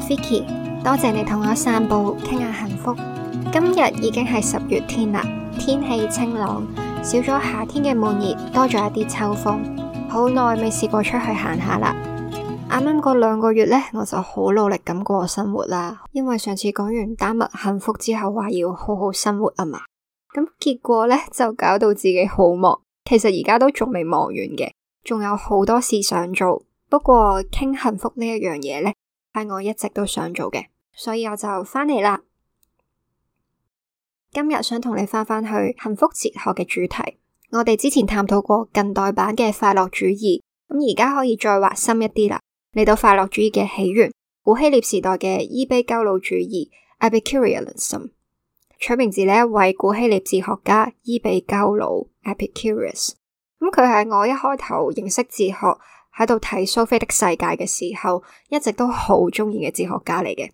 Vicky，多謝你同我散步，傾下幸福。今日已經係十月天啦，天氣清朗，少咗夏天嘅悶熱，多咗一啲秋風。好耐未試過出去行下啦。啱啱嗰兩個月呢，我就好努力咁過生活啦。因為上次講完丹麥幸福之後，話要好好生活啊嘛。咁結果呢，就搞到自己好忙。其實而家都仲未忙完嘅，仲有好多事想做。不過傾幸福呢一樣嘢呢。係我一直都想做嘅，所以我就返嚟啦。今日想同你翻返去幸福哲學嘅主題。我哋之前探討過近代版嘅快樂主義，咁而家可以再挖深一啲啦。嚟到快樂主義嘅起源，古希臘時代嘅伊比鳩魯主義 e p i c u r e a s i s m 取名字，呢一位古希臘哲學家伊比鳩魯 （Epicurus）。咁佢係我一開頭認識哲學。喺度睇蘇菲的世界嘅時候，一直都好中意嘅哲學家嚟嘅，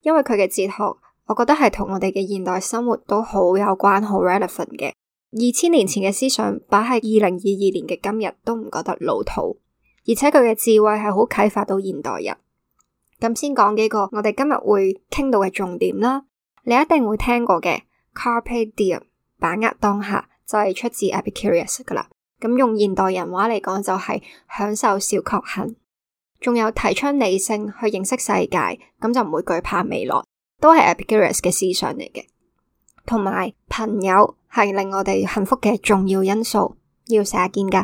因為佢嘅哲學，我覺得係同我哋嘅現代生活都好有關，好 relevant 嘅。二千年前嘅思想擺喺二零二二年嘅今日都唔覺得老土，而且佢嘅智慧係好啟發到現代人。咁先講幾個我哋今日會傾到嘅重點啦，你一定會聽過嘅 carpe diem 把握當下，就係、是、出自 Epicurus 噶啦。咁用現代人話嚟講，就係、是、享受小確幸，仲有提倡理性去認識世界，咁就唔會懼怕未來，都係 Epicurus 嘅思想嚟嘅。同埋，朋友係令我哋幸福嘅重要因素，要成日見噶。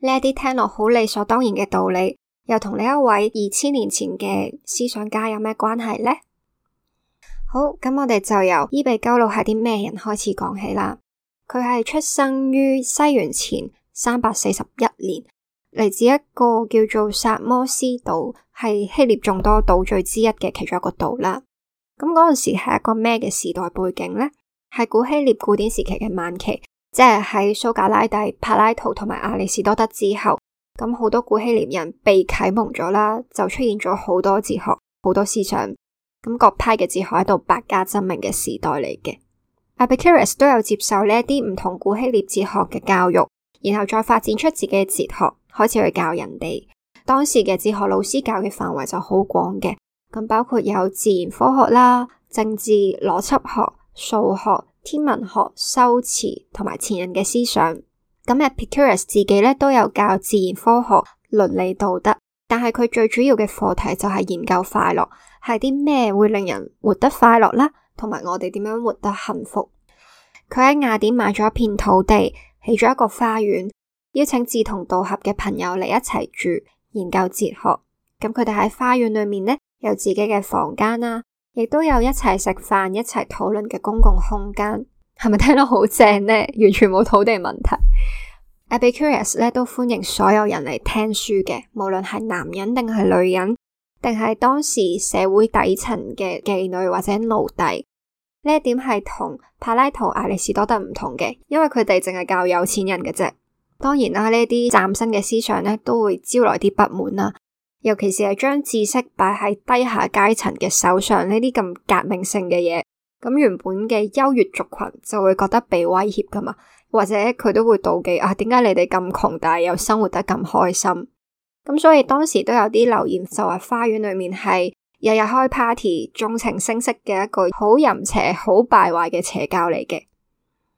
呢一啲聽落好理所當然嘅道理，又同呢一位二千年前嘅思想家有咩關係呢？好，咁我哋就由伊比鳩魯係啲咩人開始講起啦。佢係出生於西元前三百四十一年，嚟自一個叫做薩摩斯島，係希臘眾多島嶼之一嘅其中一個島啦。咁嗰陣時係一個咩嘅時代背景呢？係古希臘古典時期嘅晚期，即係喺蘇格拉底、柏拉圖同埋亞里士多德之後，咁好多古希臘人被啟蒙咗啦，就出現咗好多哲學，好多思想，咁各派嘅哲學喺度百家爭鳴嘅時代嚟嘅。Epicurus 都有接受呢一啲唔同古希臘哲學嘅教育，然後再發展出自己嘅哲學，開始去教人哋。當時嘅哲學老師教嘅範圍就好廣嘅，咁包括有自然科學啦、政治、邏輯學、數學、天文學、修辭同埋前人嘅思想。咁 Epicurus 自己呢都有教自然科學、倫理道德，但係佢最主要嘅課題就係研究快樂，係啲咩會令人活得快樂呢？同埋我哋點樣活得幸福？佢喺雅典買咗一片土地，起咗一個花園，邀請志同道合嘅朋友嚟一齊住，研究哲學。咁佢哋喺花園裏面呢，有自己嘅房間啦、啊，亦都有一齊食飯、一齊討論嘅公共空間。係咪聽到好正呢？完全冇土地問題。 Epicurus 咧都歡迎所有人嚟聽書嘅，無論係男人定係女人，定係當時社會底層嘅妓女或者奴隸。呢一點係同柏拉圖、亞里士多德唔同嘅，因為佢哋淨係教有錢人嘅啫。當然啦、啊，呢啲嶄新嘅思想咧，都會招來啲不滿啦、啊。尤其是係將知識擺喺低下階層嘅手上，呢啲咁革命性嘅嘢，咁原本嘅優越族群就會覺得被威脅噶嘛，或者佢都會妒忌啊。點解你哋咁窮，但係又生活得咁開心？咁所以當時都有啲流言，就話花園裏面係。日日開 party 縱情聲色嘅一個好淫邪、好敗壞嘅邪教嚟嘅。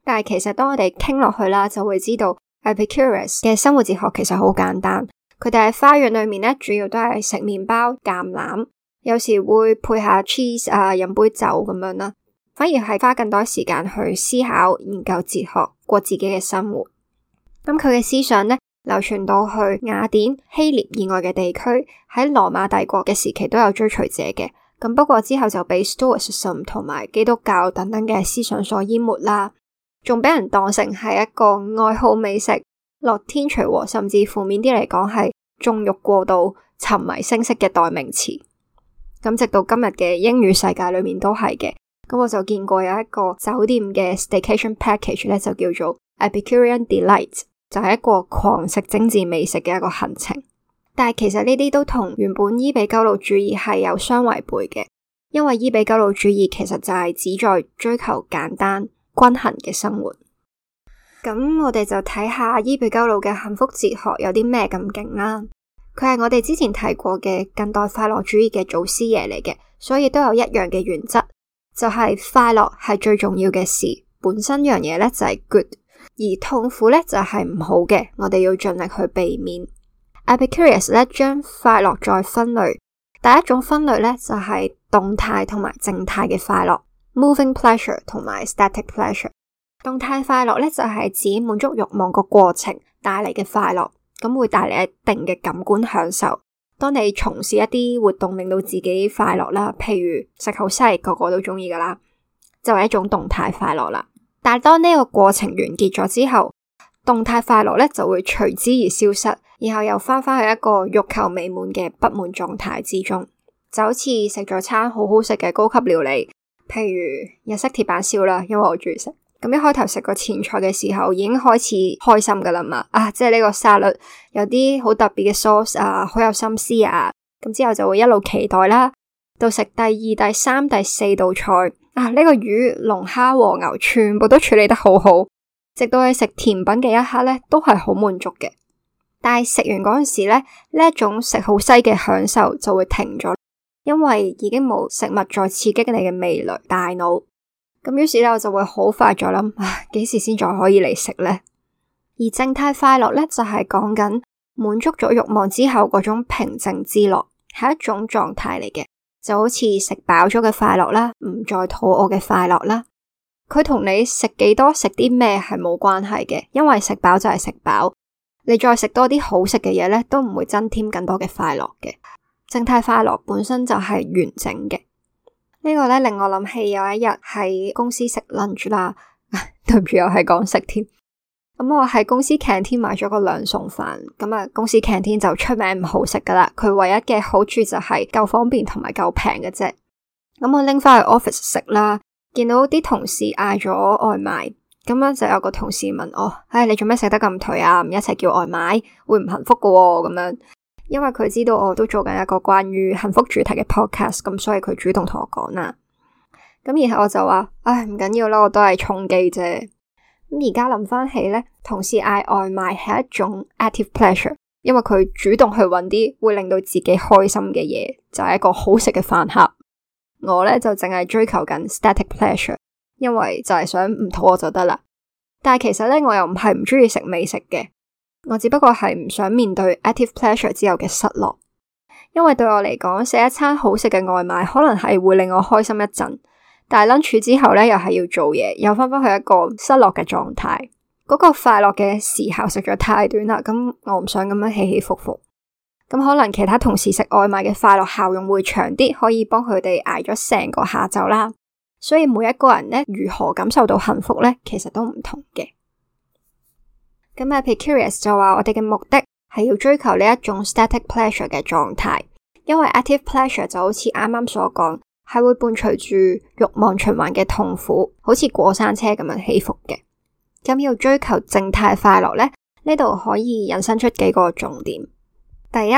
但係其實當我哋傾落去啦，就會知道 Epicurus 嘅生活哲學其實好簡單。佢哋喺花園裏面咧，主要都係食麵包、橄欖，有時會配下 cheese 啊，飲杯酒咁樣啦。反而係花更多時間去思考、研究哲學，過自己嘅生活。咁佢嘅思想咧。流傳到去雅典、希臘以外嘅地區，喺羅馬帝國嘅時期都有追隨者嘅。咁不過之後就被 Stoicism 同埋基督教等等嘅思想所淹沒啦。仲俾人當成係一個愛好美食、樂天隨和，甚至負面啲嚟講係縱欲過度、沉迷聲色嘅代名詞。咁直到今日嘅英語世界裏面都係嘅。咁我就見過有一個酒店嘅 Staycation Package 咧，就叫做 Epicurean Delight。就係一個狂食精緻美食嘅一個行程，但係其實呢啲都同原本伊比鳩魯主義係有相違背嘅，因為伊比鳩魯主義其實就係旨在追求簡單均衡嘅生活。咁我哋就睇下伊比鳩魯嘅幸福哲學有啲咩咁勁啦。佢係我哋之前提過嘅近代快樂主義嘅祖師爺嚟嘅，所以都有一樣嘅原則，就係快樂係最重要嘅事。本身樣嘢咧，就係 good。而痛苦咧就係唔好嘅，我哋要盡力去避免。Epicurus 咧，將快樂再分類，第一種分類咧就係動態同埋靜態嘅快樂，moving pleasure 同埋 static pleasure。動態快樂咧就係指滿足慾望個過程帶嚟嘅快樂，咁會帶嚟一定嘅感官享受。當你從事一啲活動令到自己快樂啦，譬如食口西，個個都鍾意噶啦，就係一種動態快樂啦。但係當呢個過程完結咗之後，動態快樂就會隨之而消失，然後又返返去一個欲求未滿嘅不滿狀態之中，就好似食咗餐好好食嘅高級料理，譬如日式鐵板燒啦，因為我中意食。咁一開頭食個前菜嘅時候已經開始開心噶啦嘛，啊即係呢個沙律有啲好特別嘅 sauce 啊，好有心思啊，咁之後就會一路期待啦，到食第二、第三、第四道菜。啊！呢、這個魚、龍蝦和牛全部都處理得好好，直到你食甜品嘅一刻呢，都係好滿足嘅。但係食完嗰陣時呢，呢一種食好西嘅享受就會停咗，因為已經冇食物再刺激你嘅味蕾大腦。咁於是呢，我就會好快再諗，幾、啊、時先再可以嚟食呢？」而靜態快樂呢，就係講緊滿足咗欲望之後嗰種平靜之樂，係一種狀態嚟嘅。就好似食飽咗嘅快樂啦，唔再肚餓嘅快樂啦。佢同你食幾多食啲咩係冇關係嘅，因為食飽就係食飽，你再食多啲好食嘅嘢咧，都唔會增添更多嘅快樂嘅。靜態快樂本身就係完整嘅，這個、呢個咧令我諗起有一日喺公司 食 lunch 啦，對唔住又係講食添。咁、嗯、我喺公司 canteen 買咗個兩餸飯，咁、嗯、啊公司 canteen 就出名唔好食噶啦，佢唯一嘅好處就係夠方便同埋夠平嘅啫。咁、嗯、我拎翻去 office 食啦，見到啲同事嗌咗外賣，咁、嗯、樣就有個同事問我：，唉、哎，你做咩食得咁頹啊？唔一齊叫外賣會唔幸福噶、啊？咁、嗯、樣，因為佢知道我都做緊一個關於幸福主題嘅 podcast，咁、嗯、所以佢主動同我講啦。咁、嗯、然後我就話：，唉、哎，唔緊要啦，我都係充飢啫。而家諗返起咧，同事嗌外賣係一種 active pleasure，因為佢主動去揾啲會令到自己開心嘅嘢，就係一個好食嘅飯盒。我咧就淨係追求緊 static pleasure，因為就係想唔肚餓就得啦。但係其實咧，我又唔係唔中意食美食嘅，我只不過係唔想面對 active pleasure 之後嘅失落，因為對我嚟講，食一餐好食嘅外賣可能係會令我開心一陣。大 lunch 之後咧，又係要做嘢，又翻返去一個失落嘅狀態。嗰、嗰個快樂嘅時候，實在太短啦。咁我唔想咁樣起起伏伏。咁可能其他同事食外賣嘅快樂效用會長啲，可以幫佢哋捱咗成個下晝啦。所以每一個人咧，如何感受到幸福咧，其實都唔同嘅。咁啊 Epicurus 就話我哋嘅目的係要追求呢一種 static pleasure 嘅狀態，因為 active pleasure 就好似啱啱所講。係會伴隨住欲望循環嘅痛苦，好似過山車咁樣起伏嘅。咁要追求靜態快樂呢，呢度可以引申出幾個重點。第一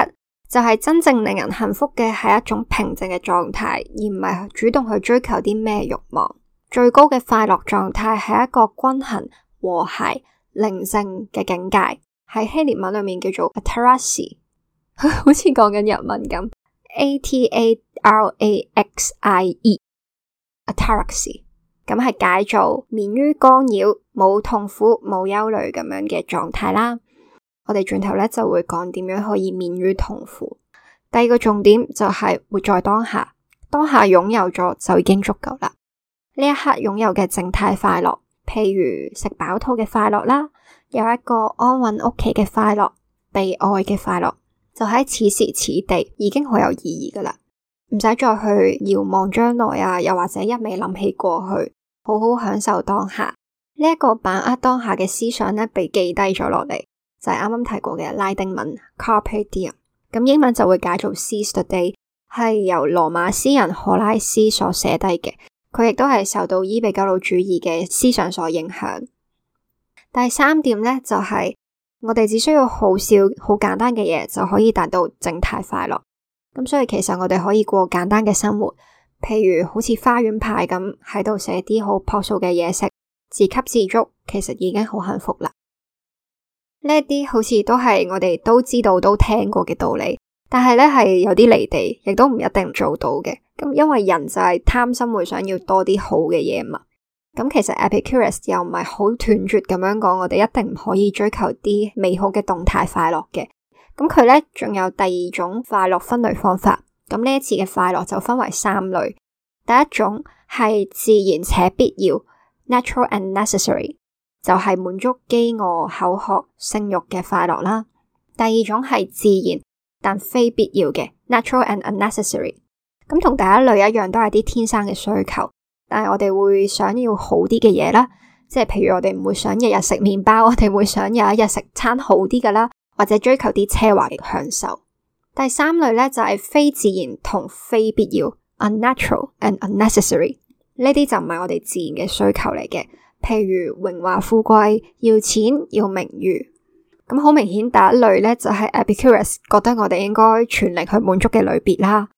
就係、是、真正令人幸福嘅係一種平靜嘅狀態，而唔係主動去追求啲咩欲望。最高嘅快樂狀態係一個均衡和諧寧靜嘅境界，喺希臘文裏面叫做 atarasi， 好像說似講緊日文咁。Ataraxie，ataraxie，咁係解做免於干擾、冇痛苦、冇憂慮咁樣嘅狀態啦。我哋轉頭咧就會講點樣可以免於痛苦。第二個重點就係活在當下，當下擁有咗就已經足夠啦。呢一刻擁有嘅靜態快樂，譬如食飽肚嘅快樂啦，有一個安穩屋企嘅快樂，被愛嘅快樂。就喺此時此地，已經好有意義噶啦，唔使再去遙望將來啊，又或者一味諗起過去，好好享受當下。呢、這、一個把握當下嘅思想咧，被記低咗落嚟，就係啱啱提過嘅拉丁文 “carpe diem”。咁 die、嗯、英文就會解做 “seize the day”，係由羅馬詩人荷拉斯所寫低嘅，佢亦都係受到伊比鳩魯主義嘅思想所影響。第三點咧，就係、是。我哋只需要好少好簡單嘅嘢，就可以達到靜態快樂。咁所以其實我哋可以過簡單嘅生活，譬如好似花園派咁喺度寫啲好樸素嘅嘢食，自給自足，其實已經好幸福啦。呢一啲好似都係我哋都知道、都聽過嘅道理，但係咧係有啲離地，亦都唔一定做到嘅。咁因為人就係貪心，會想要多啲好嘅嘢嘛。咁其實 Epicurus 又唔係好斷絕咁樣講，我哋一定唔可以追求啲美好嘅動態快樂嘅。咁佢呢，仲有第二種快樂分類方法。咁呢一次嘅快樂就分為三類。第一種係自然且必要 （natural and necessary），就係滿足飢餓、口渴、性慾嘅快樂啦。第二種係自然但非必要嘅 （natural and unnecessary）。咁同第一類一樣，都係啲天生嘅需求。但係我哋會想要好啲嘅嘢啦，即係譬如我哋唔會想日日食麵包，我哋會想有一日食餐好啲噶啦，或者追求啲奢華嘅享受。第三類咧就係、是、非自然同非必要，unnatural and unnecessary，呢啲就唔係我哋自然嘅需求嚟嘅，譬如榮華富貴，要錢要名譽，咁好明顯第一類咧就係、是、Epicurus 覺得我哋應該全力去滿足嘅類別啦。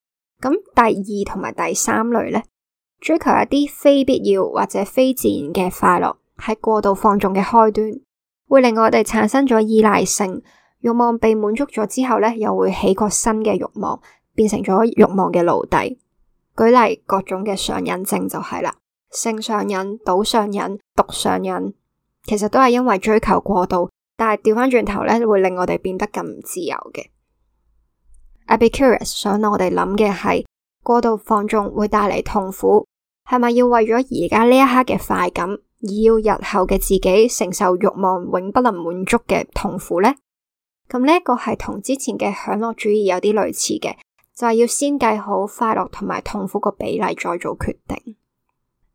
咁第二同埋第三類咧？追求一啲非必要或者非自然嘅快樂，係過度放縱嘅開端，會令我哋產生咗依賴性。欲望被滿足咗之後咧，又會起個新嘅欲望，變成咗欲望嘅奴隸。舉例各種嘅上癮症就係啦，性上癮、賭上癮、毒上癮，其實都係因為追求過度，但係調翻轉頭咧，會令我哋變得咁唔自由嘅。Epicurus，想我哋諗嘅係過度放縱會帶嚟痛苦。係咪要為咗而家呢一刻嘅快感，而要日後嘅自己承受欲望永不能滿足嘅痛苦呢？咁呢個係同之前嘅享樂主義有啲類似嘅，就係要先計好快樂同埋痛苦個比例，再做決定。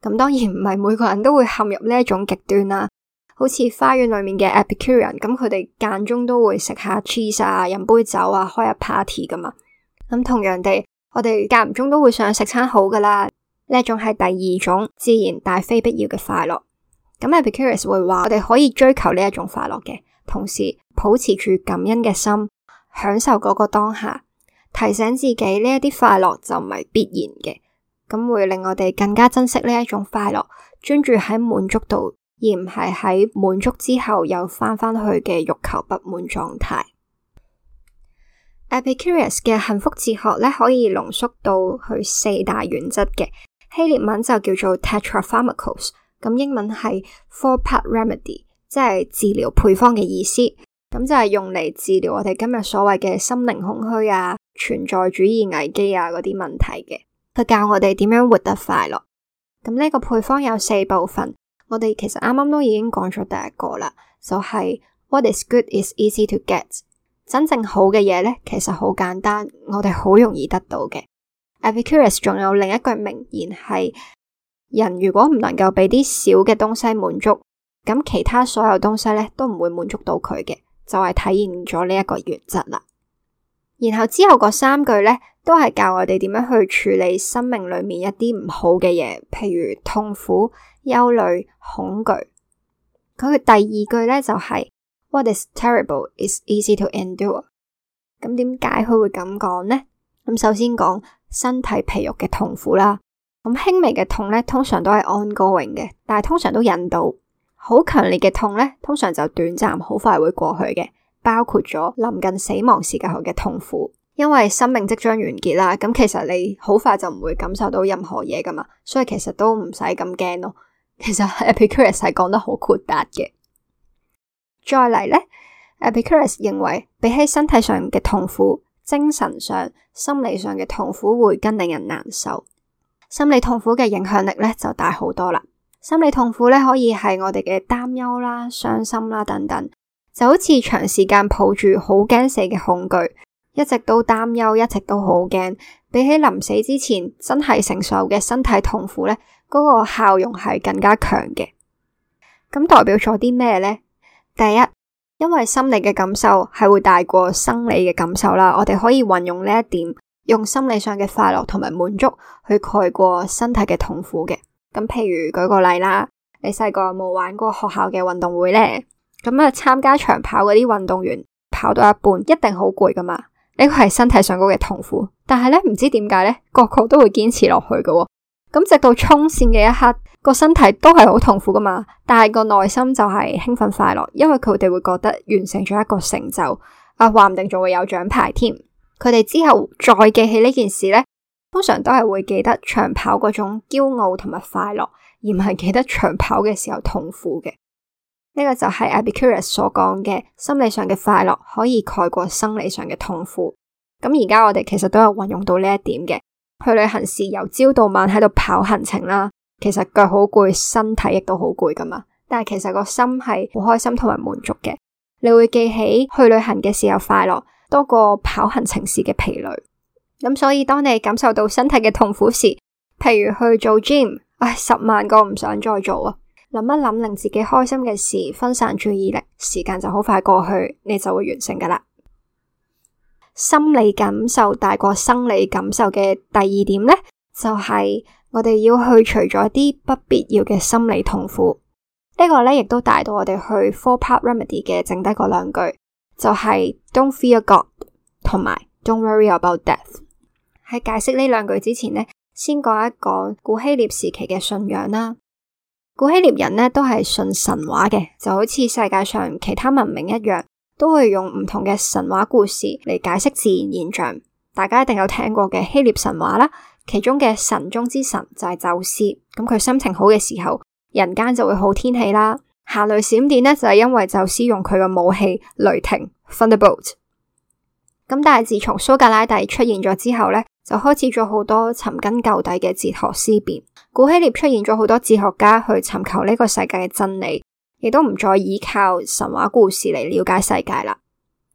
咁當然唔係每個人都會陷入呢一種極端啦。好似花園裏面嘅 Epicurean，咁佢哋間中都會食下 cheese 啊，飲杯酒啊，開下 party 噶嘛。咁同樣地，我哋間唔中都會想食餐好噶啦。呢種係第二種自然大非必要嘅快樂。咁 Epicurus 會話我哋可以追求呢一種快樂嘅，同時保持住感恩嘅心，享受嗰個當下，提醒自己呢一啲快樂就唔係必然嘅，咁會令我哋更加珍惜呢一種快樂，專注喺滿足度，而唔係喺滿足之後又翻返去嘅欲求不滿狀態。Epicurus 嘅幸福哲學咧，可以濃縮到去四大原則嘅。希臘文就叫做 Tetrapharmakos，咁英文係 Four Part Remedy，即係治療配方嘅意思。咁就係用嚟治療我哋今日所謂嘅心靈空虛啊、存在主義危機啊嗰啲問題嘅。佢教我哋點樣活得快樂。咁呢個配方有四部分，我哋其實啱啱都已經講咗第一個啦，就係、是、What is good is easy to get，真正好嘅嘢咧，其實好簡單，我哋好容易得到嘅。Epicurus 仲有另一句名言係：人如果唔能夠畀啲小嘅東西滿足，咁其他所有東西咧都唔會滿足到佢嘅，就係、是、體現咗呢一個原則啦。然後之後嗰三句咧，都係教我哋點樣去處理生命裏面一啲唔好嘅嘢，譬如痛苦、憂慮、恐懼。佢嘅第二句咧就係、是、：What is terrible is easy to endure。咁點解佢會咁講咧？咁首先講。身體皮肉嘅痛苦啦，咁輕微嘅痛咧，通常都係 ongoing 嘅，但係通常都忍到。好強烈嘅痛咧，通常就短暫，好快會過去嘅。包括咗臨近死亡時候嘅痛苦，因為生命即將完結啦，咁其實你好快就唔會感受到任何嘢噶嘛，所以其實都唔使咁驚咯。其實 Epicurus 係講得好豁達嘅。再嚟咧 Epicurus, 認為比起身體上嘅痛苦。精神上、心理上嘅痛苦會更令人難受，心理痛苦嘅影響力咧就大好多啦。心理痛苦咧可以係我哋嘅擔憂啦、傷心啦等等，就好似長時間抱住好驚死嘅恐懼，一直都擔憂，一直都好驚。比起臨死之前真係承受嘅身體痛苦咧，嗰個效用係更加強嘅。咁代表咗啲咩咧？第一。因為心理嘅感受係會大過生理嘅感受啦，我哋可以運用呢一點，用心理上嘅快樂同埋滿足去蓋過身體嘅痛苦嘅。咁譬如舉個例啦，你細個有冇玩過學校嘅運動會呢？咁啊，參加長跑嗰啲運動員跑到一半，一定好攰噶嘛。呢個係身體上高嘅痛苦，但係呢，唔知點解咧，個個都會堅持落去噶喎。咁直到衝線嘅一刻。個身體都係好痛苦噶嘛，但係個內心就係興奮快樂，因為佢哋會覺得完成咗一個成就，啊話唔定仲會有獎牌添。佢哋之後再記起呢件事咧，通常都係會記得長跑嗰種驕傲同埋快樂，而唔係記得長跑嘅時候痛苦嘅。呢個就係 Epicurus 所講嘅心理上嘅快樂可以蓋過生理上嘅痛苦。咁而家我哋其實都有運用到呢一點嘅，去旅行時由朝到晚喺度跑行程啦。其實腳好攰，身體亦都好攰噶嘛，但係其實個心係好開心同埋滿足嘅。你會記起去旅行嘅時候快樂，多過跑行程時嘅疲累。咁所以當你感受到身體嘅痛苦時，譬如去做 gym，唉，十萬個唔想再做啊！諗一諗令自己開心嘅事，分散注意力，時間就好快過去，你就會完成噶啦。心理感受大過生理感受嘅第二點呢，就係。我哋要去除咗啲不必要嘅心理痛苦，這個、呢個咧亦都帶到我哋去 Four Part Remedy 嘅剩低嗰兩句，就係、是、Don't fear God 同埋 Don't worry about death。喺解釋呢兩句之前咧，先講一講古希臘時期嘅信仰啦。古希臘人咧都係信神話嘅，就好似世界上其他文明一樣，都會用唔同嘅神話故事嚟解釋自然現象。大家一定有聽過嘅希臘神話啦。其中嘅神中之神就係宙斯，咁佢心情好嘅時候，人間就會好天氣啦。下雷閃電咧就係因為宙斯用佢嘅武器雷霆 Thunderbolt。咁但係自從蘇格拉底出現咗之後呢，就開始咗好多尋根究底嘅哲學思辨。古希臘出現咗好多哲學家去尋求呢個世界嘅真理，亦都唔再依靠神話故事嚟了解世界啦。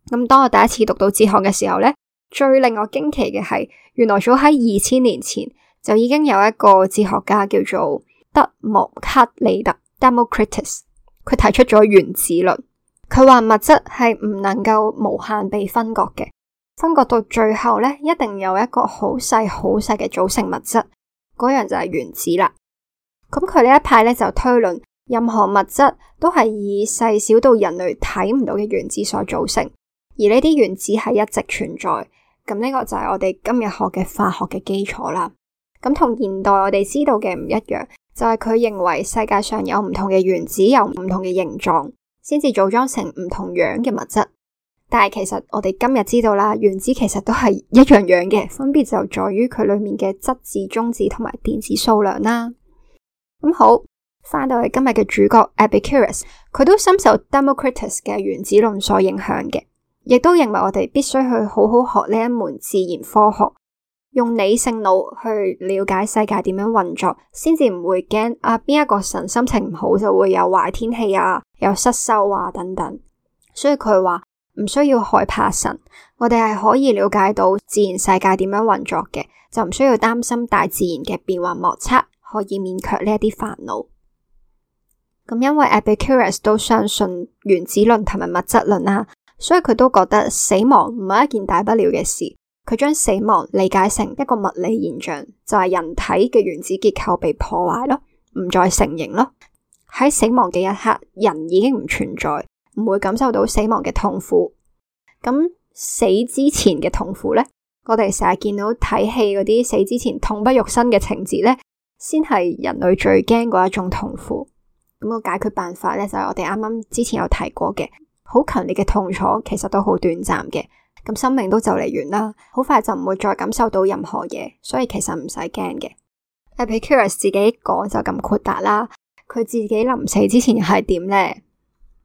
咁當我第一次讀到哲學嘅時候呢。最令我驚奇嘅係，原來早喺二千年前就已經有一個哲學家叫做德謨克利特 （Democritus），佢提出咗原子論。佢話物質係唔能夠無限被分割嘅，分割到最後咧，一定有一個好細好細嘅組成物質，嗰樣就係原子啦。咁佢呢一派咧就推論，任何物質都係以細小到人類睇唔到嘅原子所組成，而呢啲原子係一直存在。咁呢個就係我哋今日學嘅化學嘅基礎啦。咁同現代我哋知道嘅唔一樣，就係、是、佢認為世界上有唔同嘅原子，有唔同嘅形狀，先至組裝成唔同樣嘅物質。但係其實我哋今日知道啦，原子其實都係一樣樣嘅，分別就在於佢裏面嘅質子、中子同埋電子數量啦。咁好，翻到我今日嘅主角 Epicurus，佢都深受 Democritus 嘅原子論所影響嘅。亦都認為我哋必須去好好學呢一門自然科學，用理性腦去了解世界點樣運作，先至唔會驚啊。邊一個神心情唔好就會有壞天氣啊，有失收啊等等。所以佢話唔需要害怕神，我哋係可以了解到自然世界點樣運作嘅，就唔需要擔心大自然嘅變幻莫測，可以免卻呢一啲煩惱。咁因為 Epicurus 都相信原子論同埋物質論啊。所以佢都覺得死亡唔係一件大不了嘅事，佢將死亡理解成一個物理現象，就係人體嘅原子結構被破壞咯，唔再成形咯。喺死亡嘅一刻，人已經唔存在，唔會感受到死亡嘅痛苦。咁死之前嘅痛苦呢，我哋成日見到睇戲嗰啲死之前痛不欲生嘅情節呢，先係人類最驚嗰一種痛苦。咁個解決辦法呢，就係我哋啱啱之前有提過嘅。好強烈嘅痛楚其實都好短暫嘅，咁生命都就嚟完啦，好快就唔會再感受到任何嘢，所以其實唔使驚嘅。Epicurus 自己講就咁豁達啦，佢自己臨死之前係點呢？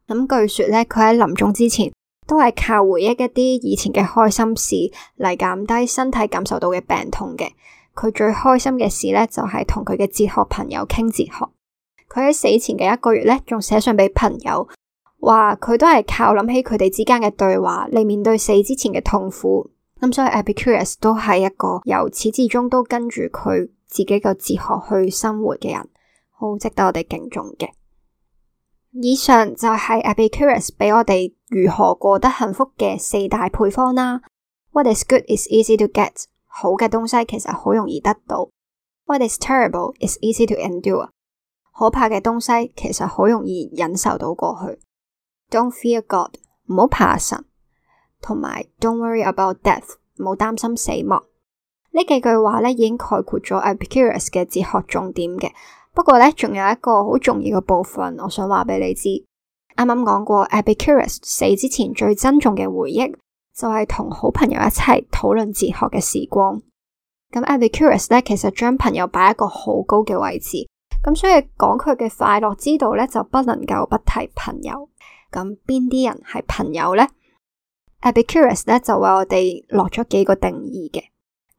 咁據說咧，佢喺臨終之前都係靠回憶一啲以前嘅開心事嚟減低身體感受到嘅病痛嘅。佢最開心嘅事咧就係同佢嘅哲學朋友傾哲學。佢喺死前嘅一個月咧仲寫信俾朋友。話佢都係靠諗起佢哋之間嘅對話嚟面對死之前嘅痛苦。咁所以 Epicurus 都係一個由始至終都跟住佢自己個哲學去生活嘅人，好值得我哋敬重嘅。以上就係 Epicurus 俾我哋如何過得幸福嘅四大配方啦。What is good is easy to get，好嘅東西其實好容易得到。What is terrible is easy to endure，可怕嘅東西其實好容易忍受到過去。Don't fear God，唔好怕神，同埋 Don't worry about death，唔好擔心死亡。呢幾句話咧，已經概括咗 Epicurus 嘅哲學重點嘅。不過咧，仲有一個好重要嘅部分，我想話俾你知。啱啱講過，Epicurus 死之前最珍重嘅回憶就係、是、同好朋友一齊討論哲學嘅時光。咁 Epicurus 咧，其實將朋友擺一個好高嘅位置，咁所以講佢嘅快樂之道咧，就不能夠不提朋友。咁邊啲人係朋友呢？Epicurus 咧就為我哋落咗幾個定義嘅。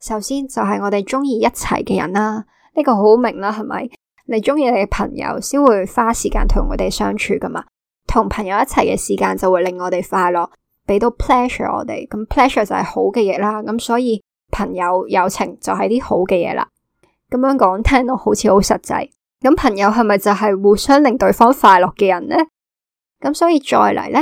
首先就係我哋中意一齊嘅人啦，呢個好明啦，係咪？你中意你嘅朋友，先會花時間同我哋相處噶嘛？同朋友一齊嘅時間就會令我哋快樂，俾到 pleasure 我哋。咁 pleasure 就係好嘅嘢啦。咁所以朋友友情就係啲好嘅嘢啦。咁樣講聽到好似好實際。咁朋友係咪就係互相令對方快樂嘅人呢？咁所以再嚟呢，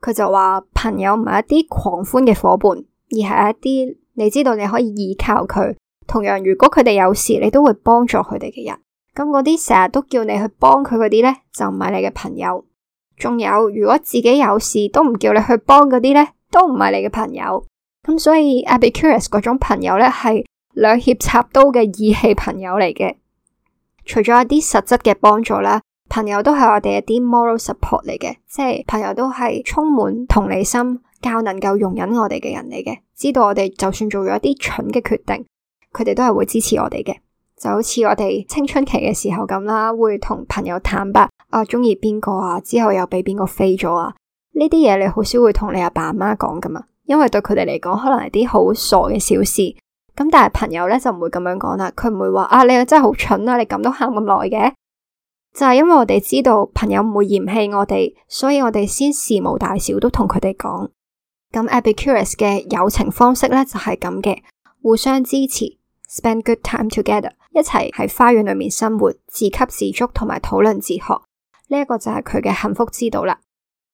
佢就話朋友唔係一啲狂歡嘅伙伴，而係一啲你知道你可以依靠佢。同樣，如果佢哋有事，你都會幫助佢哋嘅人。咁嗰啲成日都叫你去幫佢嗰啲呢，就唔係你嘅朋友。仲有，如果自己有事都唔叫你去幫嗰啲呢，都唔係你嘅朋友。咁所以，阿 Epicurus 嗰種朋友呢，係兩肋插刀嘅義氣朋友嚟嘅。除咗一啲實質嘅幫助啦。朋友都係我哋一啲 moral support 嚟嘅，即係朋友都係充滿同理心、較能夠容忍我哋嘅人嚟嘅，知道我哋就算做咗一啲蠢嘅決定，佢哋都係會支持我哋嘅。就好似我哋青春期嘅時候咁啦，會同朋友坦白啊，中意邊個啊，之後又俾邊個飛咗啊，呢啲嘢你好少會同你阿爸阿媽講㗎嘛，因為對佢哋嚟講，可能係啲好傻嘅小事。咁但係朋友呢就唔會咁樣講啦，佢唔會話啊，你真係好蠢啊，你咁都喊咁耐嘅。就係因為我哋知道朋友唔會嫌棄我哋，所以我哋先事無大小都同佢哋講。咁 Epicurus 嘅友情方式咧，就係咁嘅，互相支持，spend good time together，一齊喺花園裏面生活，自給自足同埋討論自學。呢、這、一個就係佢嘅幸福之道啦。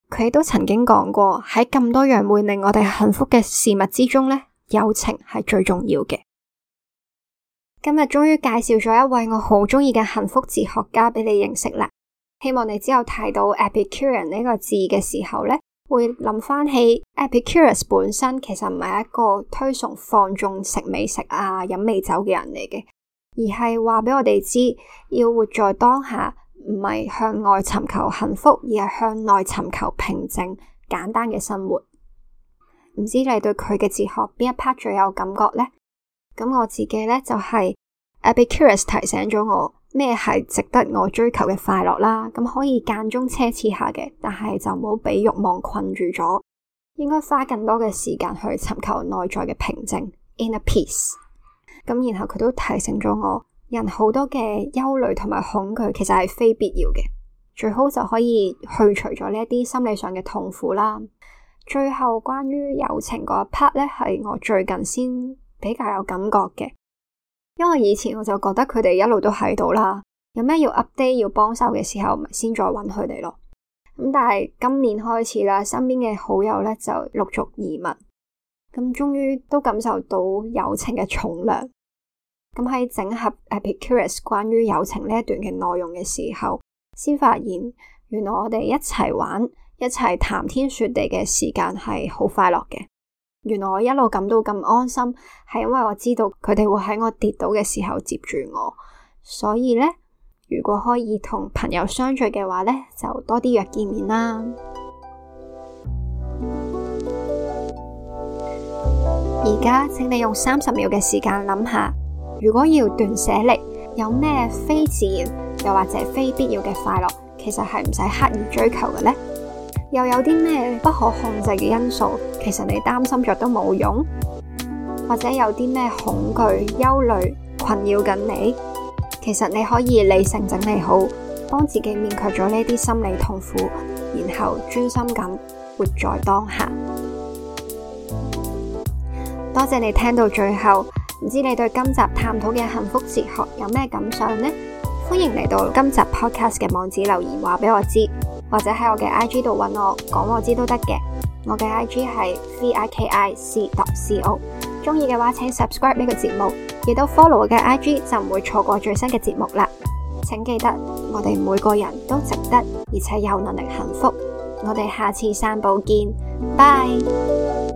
佢都曾經講過，喺咁多樣會令我哋幸福嘅事物之中咧，友情係最重要嘅。今日終於介紹咗一位我好鍾意嘅幸福哲學家畀你認識啦，希望你之後睇到 Epicurean 呢個字嘅時候呢，會諗返起 Epicurus 本身其實唔係一個推崇放縱食美食啊、飲美酒嘅人嚟嘅，而係話畀我哋知要活在當下，唔係向外尋求幸福，而係向內尋求平靜、簡單嘅生活。唔知你對佢嘅哲學邊一 part 最有感覺呢？咁我自己咧就係、是、誒，被 Epicurus 提醒咗我咩係值得我追求嘅快樂啦。咁可以間中奢侈下嘅，但係就唔好俾慾望困住咗，應該花更多嘅時間去尋求內在嘅平靜 inner peace。咁然後佢都提醒咗我，人好多嘅憂慮同埋恐懼其實係非必要嘅，最好就可以去除咗呢一啲心理上嘅痛苦啦。最後關於友情嗰 part 咧，係我最近先比較有感覺嘅，因為以前我就覺得佢哋一路都喺度啦，有咩要 update 要幫手嘅時候，咪先再揾佢哋咯。咁但係今年開始啦，身邊嘅好友咧就陸續移民，咁終於都感受到友情嘅重量。咁喺整合 Epicurus 關於友情呢一段嘅內容嘅時候，先發現原來我哋一齊玩一齊談天說地嘅時間係好快樂嘅。原來我一路感到咁安心，係因為我知道佢哋會喺我跌倒嘅時候接住我。所以呢，如果可以同朋友相聚嘅話呢，就多啲約見面啦。而家，請你用三十秒嘅時間諗下，如果要斷捨離，有咩非自然又或者非必要嘅快樂，其實係唔使刻意追求嘅呢？又有啲咩不可控制嘅因素？其實你擔心着都冇用，或者有啲咩恐懼、憂慮、困擾緊你？其實你可以理性整理好，幫自己免卻咗呢啲心理痛苦，然後專心咁活在當下。多謝你聽到最後，唔知你對今集探討嘅幸福哲學有咩感想呢？歡迎嚟到今集 podcast 嘅網址留言話俾我知。或者喺我嘅 I G 度揾我講我知都得嘅，我嘅 I G 係 v i k i s d c o，中意嘅話請 subscribe 呢個節目，亦都 follow 我嘅 I G 就唔會錯過最新嘅節目啦。請記得我哋每個人都值得，而且有能力幸福。我哋下次散步見，拜。